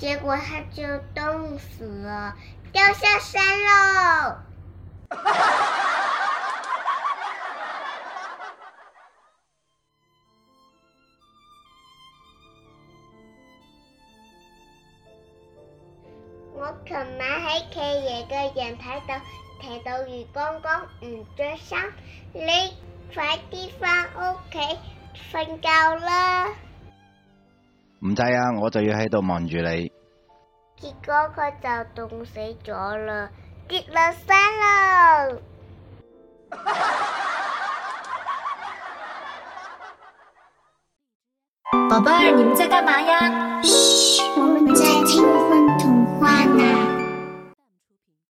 結果他就凍死了，掉下山嘍！ 我琴晚喺契爺嘅陽台度睇到魚公公唔着衫，你快啲返屋企瞓覺啦！唔使啊！我就要喺度望住你，結果佢就凍死咗啦，跌落山咯！寶貝 你們在幹嘛呀？